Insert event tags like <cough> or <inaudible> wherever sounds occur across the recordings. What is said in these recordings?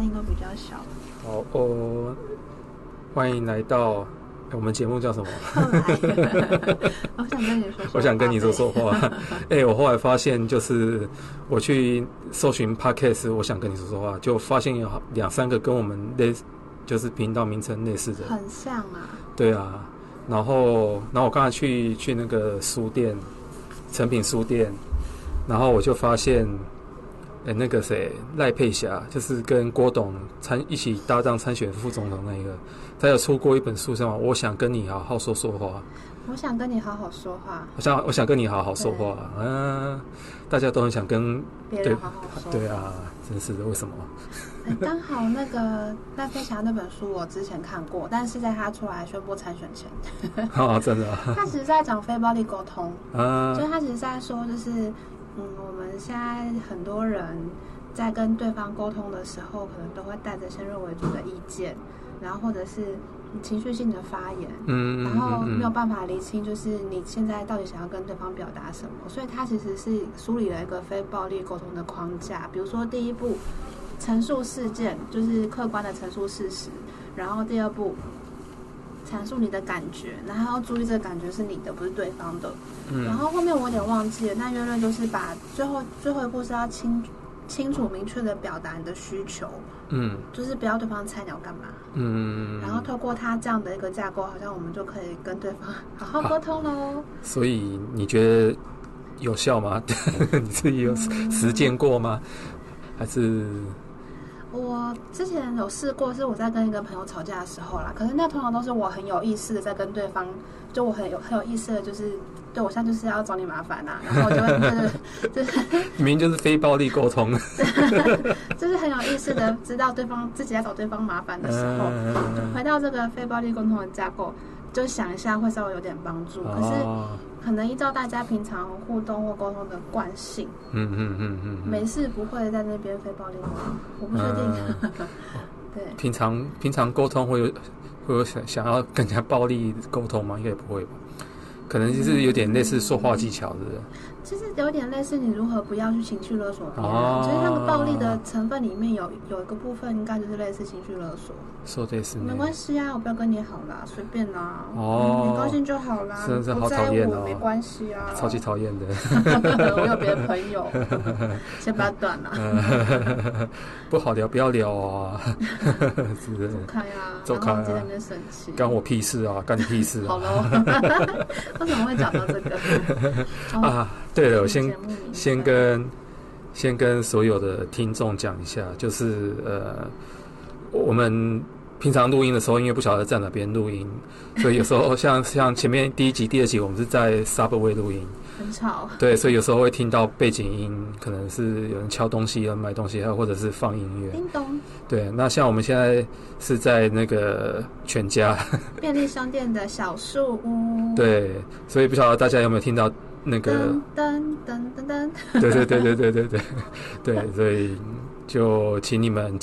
聲音都比較小了。好哦，歡迎來到哎，我們節目叫什麼？ <laughs> <laughs> 我想跟你說，說， <laughs> 我想跟你說說話。哎，我後來發現，就是我去搜尋 Podcast，我想跟你說說話，就發現有兩三個跟我們類，就是頻道名稱類似的，很像啊。對啊，然後，然後我剛才去去那個書店，誠品書店，然後我就發現。哎、欸，那個誰，賴佩霞，就是跟郭董參一起搭檔參選副總統那個，對他有出過一本書，是嗎？我想跟你好好說說話。我想跟你好好說話。我想，我想跟你好好說話。嗯對、啊，大家都很想跟別人好好說對。對啊，真是的，為什麼？剛、欸、好那個賴佩霞那本書我之前看過， <laughs> 但是在他出來宣布參選前， <laughs> 好啊，真的。他其實是在講非暴力溝通，啊，就他其實是在說，就是。嗯，我們現在很多人在跟對方溝通的時候，可能都會帶着先入為主的意見，然後或者是情緒性的發言，嗯，然後沒有辦法釐清，就是你現在到底想要跟對方表達什麼。所以，他其實是梳理了一個非暴力溝通的框架，比如說第一步，陳述事件，就是客觀的陳述事實，然後第二步。闡述你的感覺，然後要注意這個感覺是你的，不是對方的。嗯。然後後面我有點忘記了，那約論就是把最後最後一步是要清清楚明確地表達你的需求。嗯。就是不要對方猜你要幹嘛？嗯。然後透過他這樣的一個架構，好像我們就可以跟對方好好溝通嘍、啊。所以你覺得有效嗎？ <laughs> 你自己有實踐過嗎？嗯、還是？我之前有試過，是我在跟一個朋友吵架的時候啦。可是那通常都是我很有意識的在跟對方，就我很有很有意識的，就是對我現在就是要找你麻煩吶、啊，然後我就會就是就是， <laughs> 就是、明明就是非暴力溝通， <laughs> <laughs> 就是很有意識的知道對方 <laughs> 自己在找對方麻煩的時候，嗯、就回到這個非暴力溝通的架構，就想一下會稍微有點幫助，哦、可是。可能依照大家平常互動或溝通的慣性，嗯，嗯嗯嗯嗯，嗯沒事不會在那邊非暴力嗎？我不確定。嗯、 <laughs> 對，平常平常溝通會有會有想想要更加暴力溝通嗎？應該也不會吧，可能就是有點類似說話技巧是不是？嗯嗯嗯其實有點類似你如何不要去情緒勒索別人，所以那個暴力的成分裡面有有一個部分，應該就是類似情緒勒索。說這事沒關係啊，我不要跟你好啦，隨便啦，哦，你高興就好啦。真是好討厭哦！沒關係啊，超級討厭的，我有別的朋友，先把他斷啦。不好聊，不要聊啊！走開啊！走開！我今天很生氣，干我屁事啊，干你屁事，好了，為什麼會講到這個啊？對了，我先先跟對先跟所有的聽眾講一下，就是呃，我們平常錄音的時候，因為不曉得在哪邊錄音，所以有時候像 <laughs> 像前面第一集、第二集，我們是在 Subway 錄音，很吵。對，所以有時候會聽到背景音，可能是有人敲東西、有人買東西，還有或者是放音樂。叮咚。對，那像我們現在是在那個全家便利商店的小樹屋。對，所以不曉得大家有沒有聽到。那個，噔噔噔噔，對對對對對對對， <laughs> 對，所以就請你們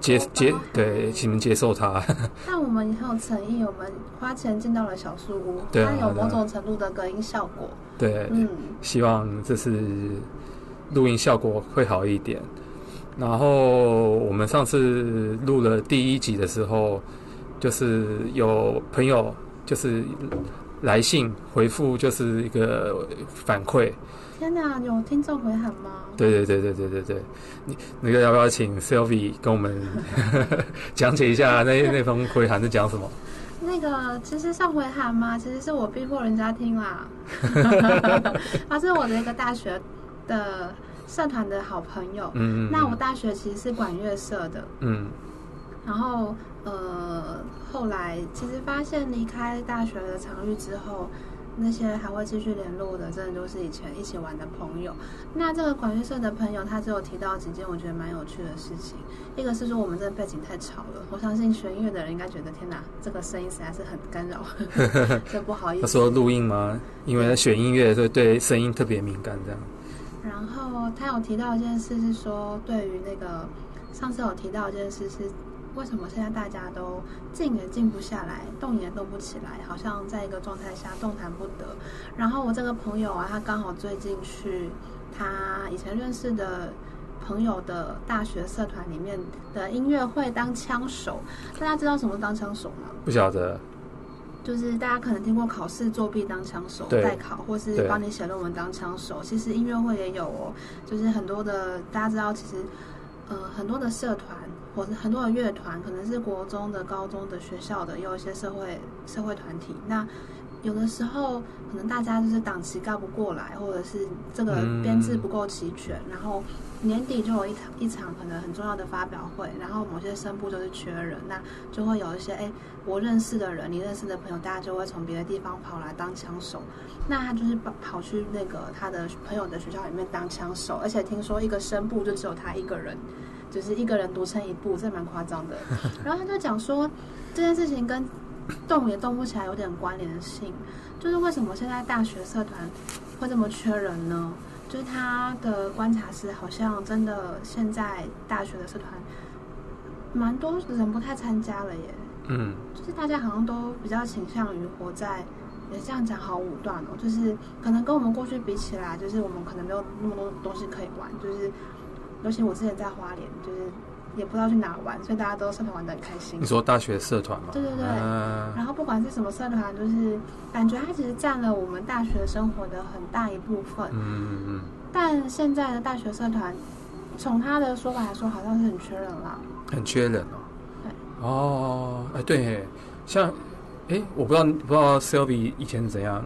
接接對，請你們接受他。那我們很有誠意， <laughs> 我們花錢進到了小樹屋，啊、它有某種程度的隔音效果。對，嗯，希望這次錄音效果會好一點。然後我們上次錄了第一集的時候，就是有朋友就是。來信回復就是一個反饋。天哪，有聽眾回函嗎？對對對對對對對，你那個要不要請 Sylvie 跟我們 <laughs> <laughs> 講解一下那那封回函是 <laughs> 講什麼？那個其實上回函嘛，其實是我逼迫人家聽啦，他、 <laughs> <laughs> 啊、是我的一個大學的社團的好朋友。嗯，嗯嗯，那我大學其實是管樂社的。嗯。然後，呃，後來其實發現離開大學的場域之後，那些還會繼續聯絡的，真的都是以前一起玩的朋友。那這個管樂社的朋友，他只有提到幾件我覺得蠻有趣的事情。一個是說我們這個背景太吵了，我相信學音樂的人應該覺得天哪，這個聲音實在是很干擾，這不好意思。 <laughs> 他說錄音嗎？對因為他學音樂對對聲音特別敏感這樣。然後他有提到一件事是說，對於那個上次有提到一件事是。為什麼現在大家都靜也靜不下來，動也動不起來，好像在一個狀態下動彈不得？然後我這個朋友啊，他剛好最近去他以前認識的朋友的大學社團裡面的音樂會當槍手。大家知道什麼當槍手嗎？不曉得。就是大家可能聽過考試作弊當槍手，對代考或是幫你寫論文當槍手，對其實音樂會也有哦。就是很多的大家知道，其實。呃，很多的社團或者很多的樂團，可能是國中的、高中的學校的，有一些社會社會團體，那。有的時候，可能大家就是檔期喬不過來，或者是這個編制不夠齊全，嗯、然後年底就有一場一場可能很重要的發表會，然後某些聲部就是缺人，那就會有一些哎，我認識的人，你認識的朋友，大家就會從別的地方跑來當槍手，那他就是跑跑去那個他的朋友的學校裡面當槍手，而且聽說一個聲部就只有他一個人，就是一個人獨撐一部，這蠻誇張的。 <laughs> 然後他就講說這件事情跟。動也動不起來，有點關聯性。就是為什麼現在大學社團會這麼缺人呢？就是他的觀察是好像真的，現在大學的社團蠻多的人不太參加了耶。嗯。就是大家好像都比較傾向於活在……也這樣講好武斷哦。就是可能跟我們過去比起來，就是我們可能沒有那麼多東西可以玩。就是，尤其我之前在花蓮，就是。也不知道去哪玩，所以大家都社團玩得很開心。你說大學社團嗎？對對對。啊、然後不管是什麼社團，就是感覺它其實占了我們大學生活的很大一部分。嗯嗯嗯。但現在的大學社團，從他的說法來說，好像是很缺人了。很缺人哦。對。哦，哎，對，像。哎、欸，我不知道，不知道 Sylvie 以前是怎樣。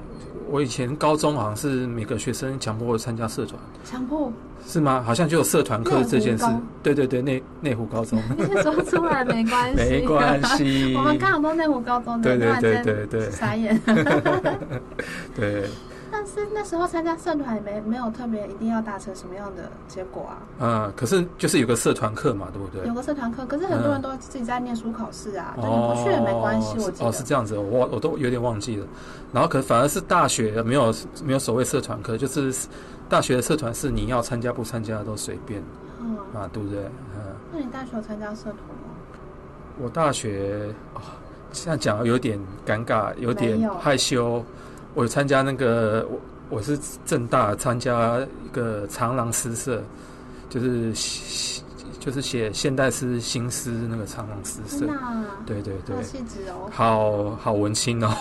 我以前高中好像是每個學生強迫我參加社團，強迫是嗎？好像就有社團課這件事。對對對，內內湖高中， <laughs> 說出來沒關係，沒關係。關 <laughs> 我們剛好都內湖高中的，對，對對對對對，傻眼。 <laughs> <laughs> 對。但是那時候參加社團也沒沒有特別一定要達成什麼樣的結果啊。嗯，可是就是有個社團課嘛，對不對？有個社團課，可是很多人都自己在念書考試啊，嗯、你不去也沒關係。哦，我哦，是這樣子，我我都有點忘記了。然後可反而是大學沒有沒有所謂社團課，就是大學的社團是你要參加不參加都隨便。嗯、啊，對不對？嗯。那你大學有參加社團嗎？我大學，這、哦、樣講有點尷尬，有點害羞。有我參加那個，我我是政大參加一個長廊詩社，就是就是寫現代詩新詩那個長廊詩社。那對對對，氣質哦，好好文青哦，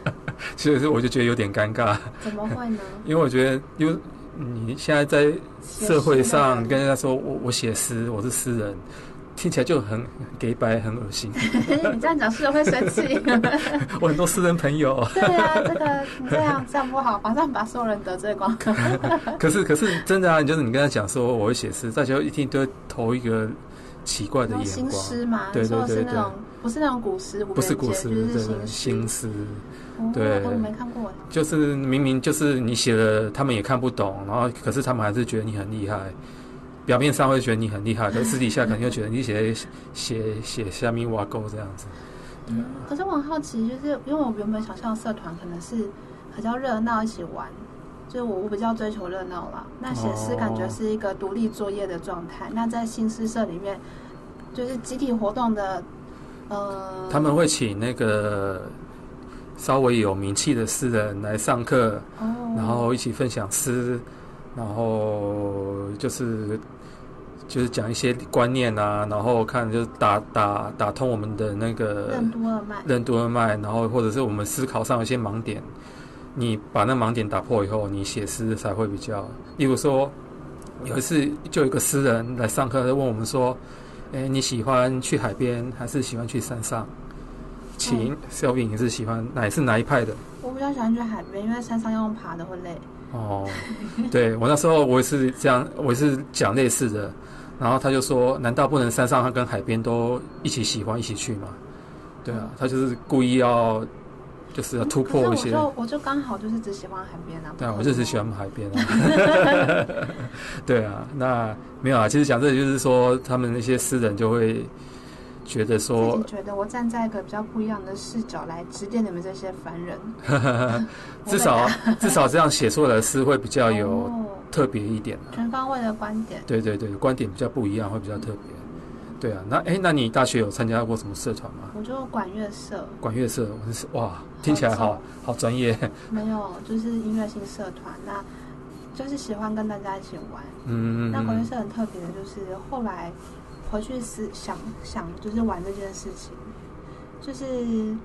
<laughs> 所以說我就覺得有點尷尬。怎麼會呢？因為我覺得，因為你現在在社會上跟人家說我我寫詩，我是詩人。聽起來就很給白，很惡心。你這樣講，詩人會生氣。 <laughs> 我很多詩人朋友。 <laughs> 對啊，這個你這樣這樣不好，馬上把所有人得罪光。 <laughs> <laughs> 可是可是真的啊，就是你跟他講說我會寫詩，大家一聽都會投一個奇怪的眼光。新詩嘛，對對對，對是，不是那種不是那種古詩，不是古詩，就是，是新新詩。對、嗯、對我都沒看過。就是明明就是你寫了，他們也看不懂，然後可是他們還是覺得你很厲害。表面上會覺得你很厲害，但私底下肯定又覺得你寫 <laughs> 寫寫蝦米碗糕這樣子。嗯嗯、可是我很好奇，就是因為我原本想像社團，可能是比較熱鬧，一起玩。就是我我比較追求熱鬧啦。那寫詩感覺是一個獨立作業的狀態。哦、那在新詩社裡面，就是集體活動的，呃，他們會請那個稍微有名氣的詩人來上課，哦、然後一起分享詩，然後就是。就是講一些觀念啊，然後看就是打打打通我們的那個任督二脈，任督二脈，然後或者是我們思考上有一些盲點，你把那盲點打破以後，你寫詩才會比較。例如說，有一次就有一個詩人來上課，他問我們說：“哎對，你喜歡去海邊還是喜歡去山上？”請對小穎你是喜歡，哪是哪一派的？我比較喜歡去海邊，因為山上要用爬的會累。哦，對，我那時候我也是這樣，我也是講類似的，然後他就說，難道不能山上和跟海邊都一起喜歡一起去嗎？對啊，他就是故意要，就是要突破一些。我就我就剛好就是只喜歡海邊啊。對啊，我就只喜歡海邊啊。 <laughs> <laughs> 對啊，那沒有啊，其實講這也就是說，他們那些詩人就會。覺得說，覺得我站在一個比較不一樣的視角來指點你們這些凡人， <laughs> 至少至少這樣寫出來的詩會比較有、哦，特別一點、啊。全方位的觀點，對對對，觀點比較不一樣，會比較特別。嗯、對啊，那哎，那你大學有參加過什麼社團嗎？我就管樂社，管樂社，我是哇，聽起來好好、好、專好專業。沒有，就是音樂性社團，那就是喜歡跟大家一起玩。嗯嗯嗯。那管樂社很特別的，就是後來，回去是想想，想就是玩這件事情，就是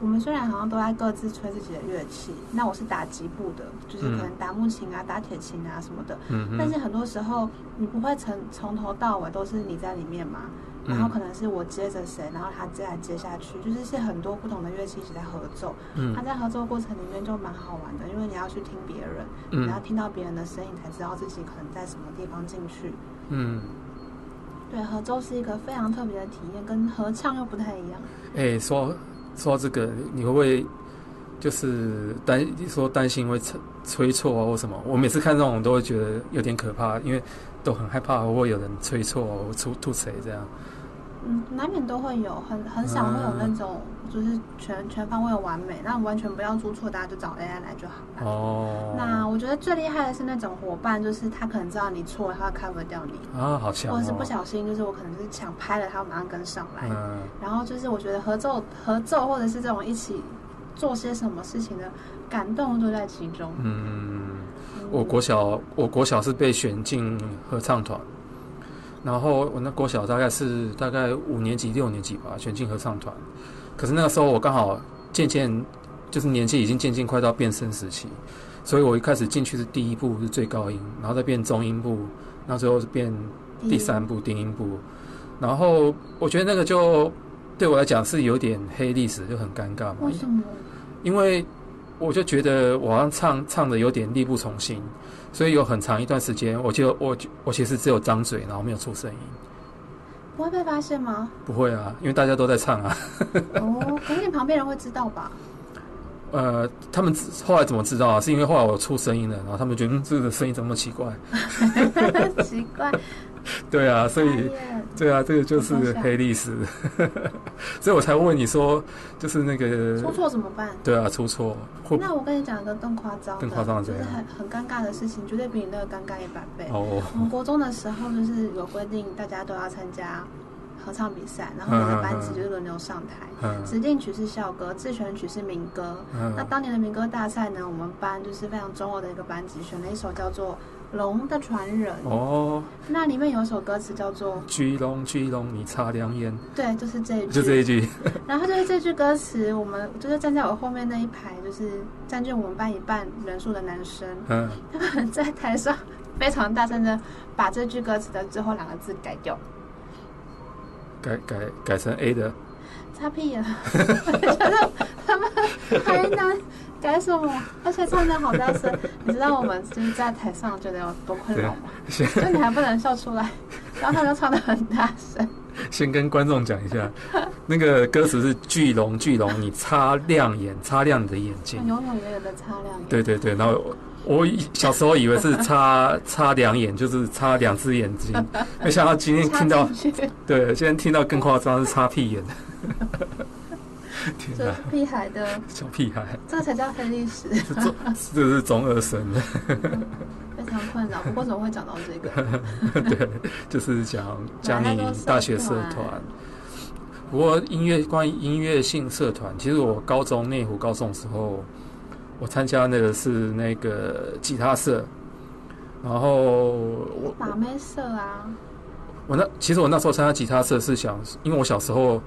我們雖然好像都在各自吹自己的樂器，那我是打擊部的，就是可能打木琴啊、打鐵琴啊什麼的，但是很多時候你不會從從頭到尾都是你在裡面嘛，然後可能是我接着誰，然後他接着接下去，就是是很多不同的樂器一起在合奏，他、嗯、在合奏過程裡面就蠻好玩的，因為你要去聽別人，你要聽到別人的聲音才知道自己可能在什麼地方進去，嗯。對，合奏是一個非常特別的體驗，跟合唱又不太一樣。哎、欸，說說這個，你會不會就是擔說擔心會吹，吹錯啊或什麼？我每次看這種都會覺得有點可怕，因為都很害怕會，會有人吹錯或出吐詞這樣。嗯，難免都會有，很很少會有那種、嗯、就是全全方位的完美，那完全不要出錯，大家就找 AI 來，來就好哦。那我覺得最厲害的是那種夥伴，就是他可能知道你錯了，他會 cover 掉你啊、哦，好笑、哦。或者是不小心，就是我可能就是搶拍了，他馬上跟上來。嗯。然後就是我覺得合奏合奏或者是這種一起做些什麼事情的感動都在其中。嗯，嗯我國小我國小是被選進合唱團。然後我那國小大概是大概五年級六年級吧，全進合唱團。可是那個時候我剛好漸漸就是年紀已經漸漸快到變聲時期，所以我一開始進去是第一部是最高音，然後再變中音部，那最後是變第三部低音部。然後我覺得那個就對我來講是有點黑歷史，就很尷尬嘛。為什麼？因為我就覺得我好像唱唱的有點力不從心。所以有很長一段時間，我就我我其實只有張嘴，然後沒有出聲音，不會被發現嗎？不會啊，因為大家都在唱啊。哦，可能你旁邊人會知道吧？呃，他們後來怎麼知道啊？是因為後來我出聲音了，然後他們覺得、嗯、這個聲音怎麼那麼奇怪？ <laughs> <laughs> 奇怪。對啊，所以對啊，這個就是黑歷史， <laughs> 所以我才問你說，就是那個出錯怎麼辦？對啊，出錯。那我跟你講一個更誇張的，就是很很尷尬的事情，絕對比你那個尷尬一百倍。Oh. 我們國中的時候就是有規定，大家都要參加合唱比賽，然後每個班級就是輪流上台，嗯啊啊嗯、指定曲是校歌，自選曲是民歌。嗯、那當年的民歌大賽呢，我們班就是非常中二的一個班級，選了一首叫做。龍的傳人哦，oh, 那裡面有首歌詞叫做“巨龍，巨龍，long, 你擦亮眼”，對，就是這一句，就這一句。 <laughs> 然後就是這句歌詞，我們就是站在我後面那一排，就是占據我們班一半人數的男生，嗯，他們在台上非常大聲的把這句歌詞的最後兩個字改掉，改改改成 A 的，擦屁眼，他們還拿。但是我而且唱的好大聲，你知道我們就是在台上覺得有多困難嗎？所以你還不能笑出來，然後他們就唱的很大聲。先跟觀眾講一下，那個歌詞是“巨龍，巨龍，你擦亮眼，擦亮你的眼睛”。永永遠遠的擦亮。對對對，然後我小時候以為是擦擦兩眼，就是擦兩只眼睛，沒想到今天聽到，對，今天聽到更誇張是擦屁眼。這是屁孩的小屁孩，這個才叫黑歷史。這是， <laughs> 這是中二生、嗯，非常困擾。 <laughs> 不過怎麼會講到這個？ <laughs> <laughs> 對，就是講加你大學社團。那個、社團不過音樂關於音樂性社團，其實我高中內湖高中的時候，我參加那個是那個吉他社。然後我把妹社啊。我那其實我那時候參加吉他社是想，因為我小時候，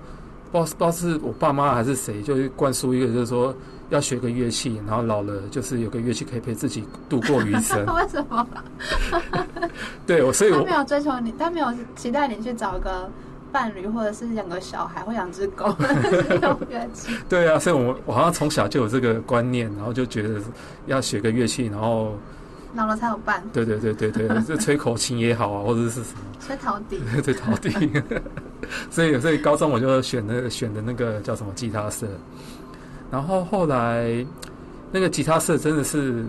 不知，不知道是我爸媽還是誰，就灌輸一個，就是說要學個樂器，然後老了就是有個樂器可以陪自己度過餘生。為什麼？ <laughs> 對，我所以我他沒有追求你，他沒有期待你去找個伴侶，或者是養個小孩，或養隻狗，有 <laughs> 樂器。對啊，所以我我好像從小就有這個觀念，然後就覺得要學個樂器，然後老了才有伴。對對對對對，是吹口琴也好啊， <laughs> 或者是，是什麼吹陶笛，對，吹陶笛。 <laughs> <laughs> 所以，所以高中我就選了選的那個叫什麼吉他社，然後後來，那個吉他社真的是，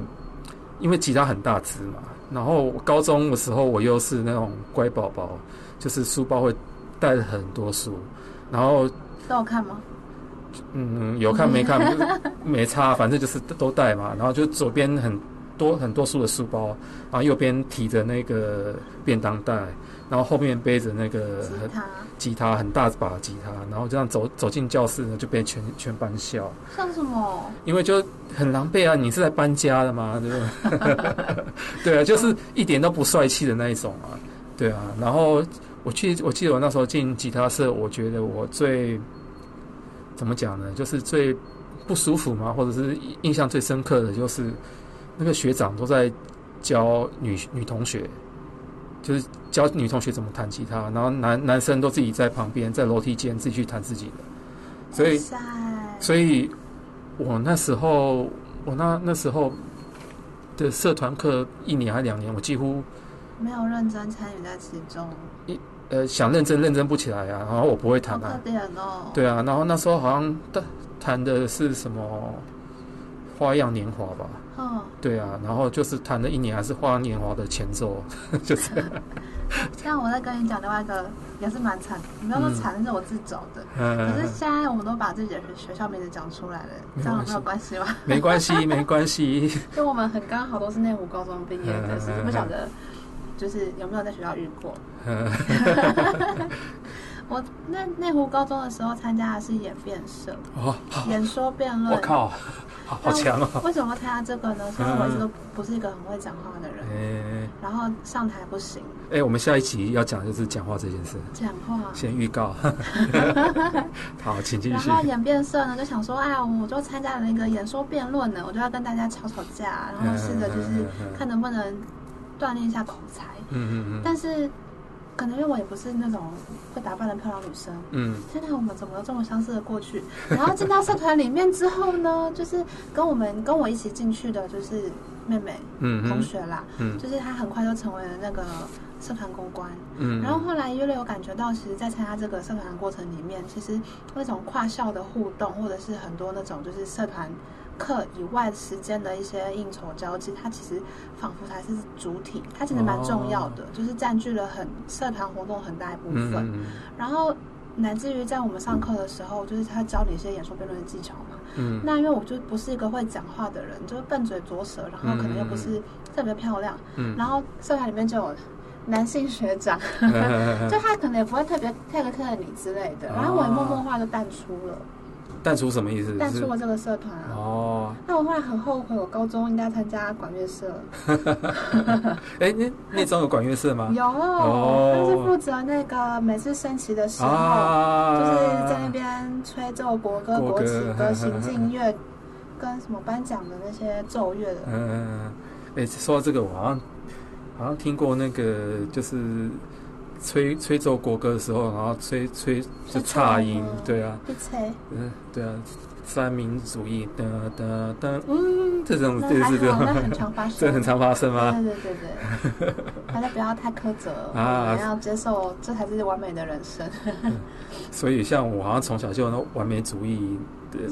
因為吉他很大只嘛。然後高中的時候，我又是那種乖寶寶，就是書包會帶很多書，然後都看嗎？嗯，有看沒看 <laughs> 沒,沒差，反正就是都帶嘛。然後就左邊很多很多書的書包，然後右邊提着那個便當袋。然後後面背着那個吉他，吉他很大把的吉他，然後就這樣走走進教室呢，就被全全班笑。像什麼？因為就很狼狽啊，你是在搬家的嘛，對吧？ <laughs> <laughs> 對啊，就是一點都不帥氣的那一種啊，對啊。然後我記得我記得我那時候進吉他社，我覺得我最怎麼講呢？就是最不舒服嘛，或者是印象最深刻的，就是那個學長都在教女女同學。就是教女同學怎麼彈吉他，然後男男生都自己在旁邊，在樓梯間自己去彈自己的。所以，所以我那時候，我那那時候的社團課一年還是兩年，我幾乎沒有認真參與在其中。一呃，想認真認真不起來啊，然後我不會彈啊。對啊，然後那時候好像彈彈的是什麼《花樣年華》吧。對啊，然後就是談了一年，還是花年華的前奏，就是。像我在跟你講，另外一個也是蠻慘，不要說慘，那是我自找的。嗯。可是現在我們都把自己的學校名字講出來了，這樣有沒有關係嗎？沒關係，沒關係。就我們很剛好都是內湖高中畢業的，但是不曉得，就是有沒有在學校遇過？我那內湖高中的時候參加的是演辯社。哦，演說辯論，我靠。好強啊！強哦，為什麼要參加這個呢？因為我一直都不是一個很會講話的人，嗯、然後上台不行。哎、欸，我們下一集要講的就是講話這件事。講話先預告， <laughs> <laughs> 好，請繼續。然後演辯社呢，就想說，哎，我就參加了那個演說辯論呢，我就要跟大家吵吵架，然後試着就是看能不能鍛鍊一下口才。嗯嗯嗯。但是。可能因為我也不是那種會打扮的漂亮女生，嗯，現在我們怎麼都這麼相似的過去？然後進到社團裡面之後呢， <laughs> 就是跟我們跟我一起進去的就是妹妹，嗯哼，同學啦，嗯，就是她很快就成為了那個社團公關，嗯哼，然後後來越來越有感覺到，其實在參加這個社團的過程裡面，其實那種跨校的互動，或者是很多那種就是社團。課以外時間的一些應酬交際，它其實仿佛才是主體，它其實蠻重要的，oh. 就是占據了很社團活動很大一部分。嗯嗯嗯然後乃至於在我們上課的時候，嗯、就是他教你一些演說辯論的技巧嘛。嗯。那因為我就不是一個會講話的人，就是笨嘴拙舌，然後可能又不是特別漂亮。嗯,嗯,嗯。然後社團裡面就有男性學長， <laughs> <laughs> 就他可能也不會特別 care 你之類的，oh. 然後我也默默化就淡出了。淡出什麼意思？淡、就是、出我這個社團、啊。哦。那我後來很後悔，我高中應該參加管樂社。哈哈哈！哈哈！哎，那那時候有管樂社嗎？有、哦，但、哦、是負責那個每次升旗的時候，就是在那邊吹奏國歌、國歌、嗯、國旗歌行進樂，跟什麼頒獎的那些奏樂的。嗯，嗯哎，說到這個，我好像好像聽過那個，就是。吹吹奏國歌的時候，然後吹吹就差音，對啊，不吹猜，嗯，對啊，三民主義，噔噔噔，嗯，這種，對對對，那很常發生，對很常發生啊，對對對對，大家 <laughs> 不要太苛責啊，要接受這才是完美的人生。 <laughs> 所以，像我好像從小就有那完美主義，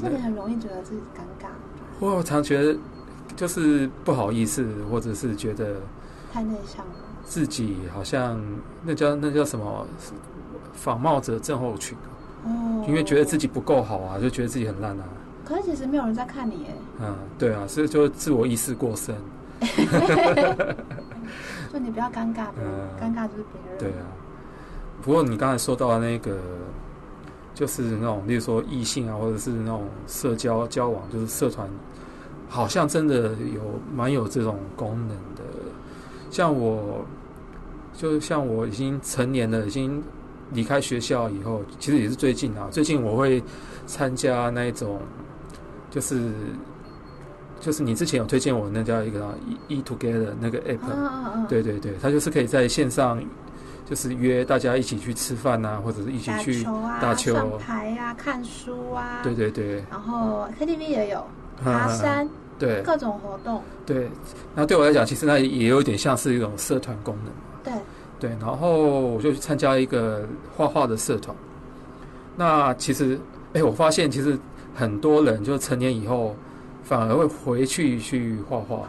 真的很容易覺得自己尷尬。我常覺得就是不好意思，或者是覺得太內向。自己好像那叫那叫什麼仿冒者症候群哦，因為覺得自己不夠好啊，就覺得自己很爛啊。可是其實沒有人在看你耶，嗯，對啊，所以就是自我意識過深， <laughs> <laughs> 就你不要尷尬吧，嗯、尷尬就是別人。對啊，不過你剛才說到的那個，就是那種，例如說異性啊，或者是那種社交交往，就是社團，好像真的有蠻有這種功能的，像我。就像我已經成年了，已經離開學校以後，其實也是最近啊。最近我會參加那一種，就是就是你之前有推薦我那叫一個 E E Together 那個 app，、啊啊啊、對對對，它就是可以在線上，就是約大家一起去吃飯啊，或者是一起去大球打球啊、打牌啊看書啊，對對對。然後 KTV 也有、啊啊、爬山，啊、對各種活動。對，那對我來講，其實那也有點像是一種社團功能。對，然後我就去參加一個畫畫的社團。那其實，哎，我發現其實很多人就成年以後，反而會回去去畫畫。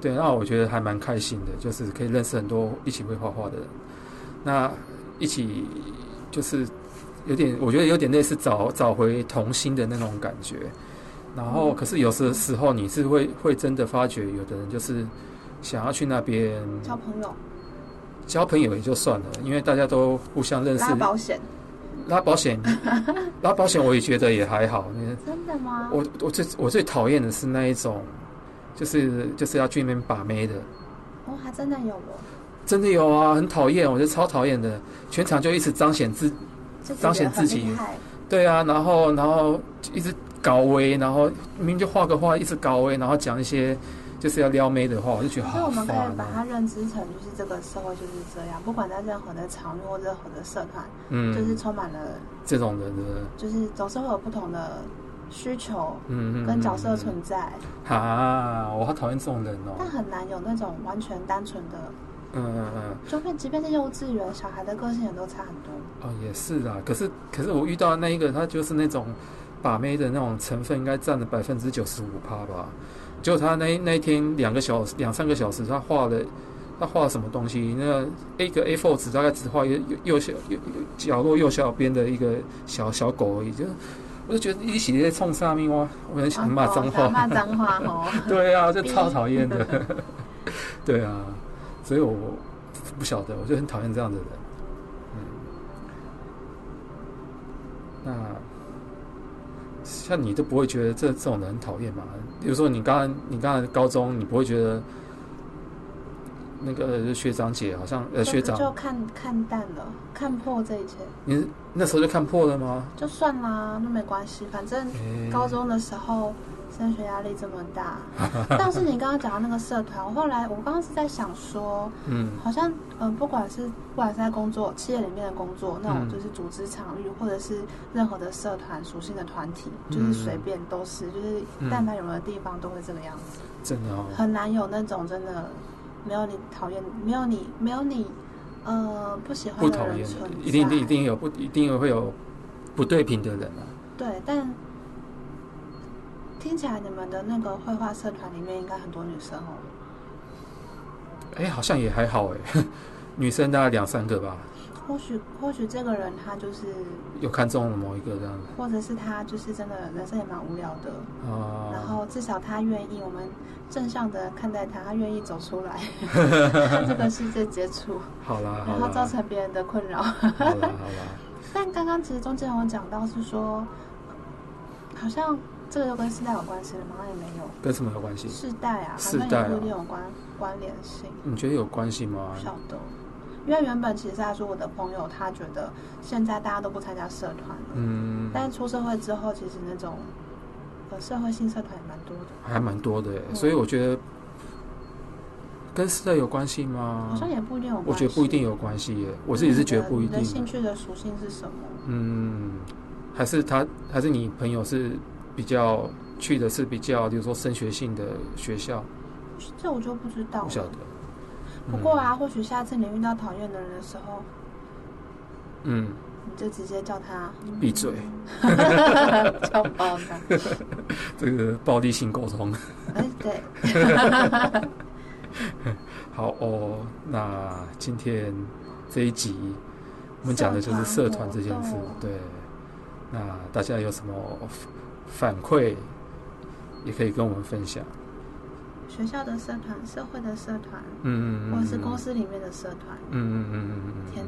對，那我覺得還蠻開心的，就是可以認識很多一起會畫畫的人。那一起就是有點，我覺得有點類似找找回童心的那種感覺。然後，可是有時時候你是會會真的發覺，有的人就是想要去那邊交朋友。交朋友也就算了，因為大家都互相認識。保險，拉保險，拉保險， <laughs> 保我也覺得也還好。真的嗎？我我最我最討厭的是那一種，就是就是要去那邊把妹的。哦，還真的有嗎？真的有啊，很討厭，我覺得超討厭的。全場就一直彰顯自，自己彰顯自己，厲害。對啊，然後然後，然後一直高危，然後明明就畫個畫，一直高危，然後講一些。就是要撩妹的話，我就覺得好煩、啊。所以我們可以把它認知成，就是這個時候就是這樣，不管在任何的場合、任何的社團，嗯，就是充滿了這種人的，就是總是會有不同的需求，嗯嗯，跟角色存在。嗯嗯、啊，我好討厭這種人哦。但很難有那種完全單純的，嗯嗯，就便即便是幼稚園小孩的個性也都差很多。哦、嗯，也是啊。可是，可是我遇到的那一個，他就是那種把妹的那種成分，應該占了百分之九十五趴吧。就他那一、那一天兩個小時兩三個小時，他畫了他畫了什麼東西？那一個 A4 紙大概只畫一個右右小右右角落右下邊的一個小小狗而已。就我就覺得一起在衝上面哇，我很想罵髒話，罵髒話哦。對啊，就超討厭的。哼 <laughs> 對啊，所以我不曉得，我就很討厭這樣的人。嗯，那。像你都不會覺得這這種人討厭嘛？比如說你剛剛你剛剛高中，你不會覺得那個學長姐好像呃學長就看看淡了，看破這一切。你那時候就看破了嗎？就算啦，那沒關係，反正高中的時候。欸升學壓力這麼大，但是你剛剛講到那個社團，我 <laughs> 後來我剛剛是在想說，嗯，好像嗯、呃，不管是不管是在工作、企業裡面的工作，那種就是組織場域，嗯、或者是任何的社團屬性的團體，就是隨便都是，嗯、就是但凡有的地方都會這個樣子，真的哦，很難有那種真的沒有你討厭，沒有你沒有你呃不喜歡的人存在不討厭的，一定一定有不一定，有一定會有不對平的人啊，對，但。聽起來你們的那個繪畫社團裡面應該很多女生哦。哎，好像也還好哎，女生大概兩三個吧。或許，或許這個人他就是有看中了某一個這樣子，或者是他就是真的人生也蠻無聊的啊、啊、啊、啊。然後至少他願意我們正向的看待他，他願意走出來，跟 <laughs> <laughs> 這個世界接觸。好啦，好啦，然後造成別人的困擾。好啦，但剛剛其實中間有講到是說，好像。這個就跟世代有關係了嗎？也沒有、啊，跟什麼有關係？世代啊，好像也不一定有關、啊、關聯性。你覺得有關係嗎？不曉得，因為原本其實他說我的朋友他覺得現在大家都不參加社團了，嗯，但是出社會之後，其實那種社會性社團也蠻多的，還蠻多的耶。嗯、所以我覺得跟世代有關係嗎？好像也不一定有關係。我覺得不一定有關係耶。我自己是覺得不一定的。你的你的興趣的屬性是什麼？嗯，還是他，還是你朋友是？比較去的是比較，就是說升學性的學校，這我就不知道。不曉得。不過啊，嗯、或許下次你遇到討厭的人的時候，嗯，你就直接叫他閉、啊、嘴， <laughs> <laughs> 叫爆他了， <laughs> 這個暴力性溝通。哎，對。 <laughs> <laughs> 好哦，那今天這一集我們講的就是社團這件事，對。那大家有什麼？反饋也可以跟我們分享。學校的社團、社會的社團，嗯嗯嗯，或是公司裡面的社團，嗯嗯嗯嗯，天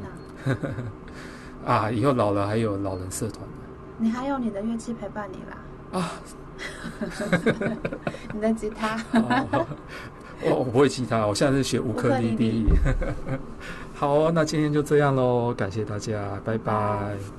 哪！ <laughs> 啊，以後老了還有老人社團。你還有你的樂器陪伴你啦？啊， <laughs> <laughs> 你的吉他。 <laughs> 哦、我我不會吉他，我現在是學烏克麗麗。麗麗 <laughs> 好，那今天就這樣嘍，感謝大家，拜拜。嗯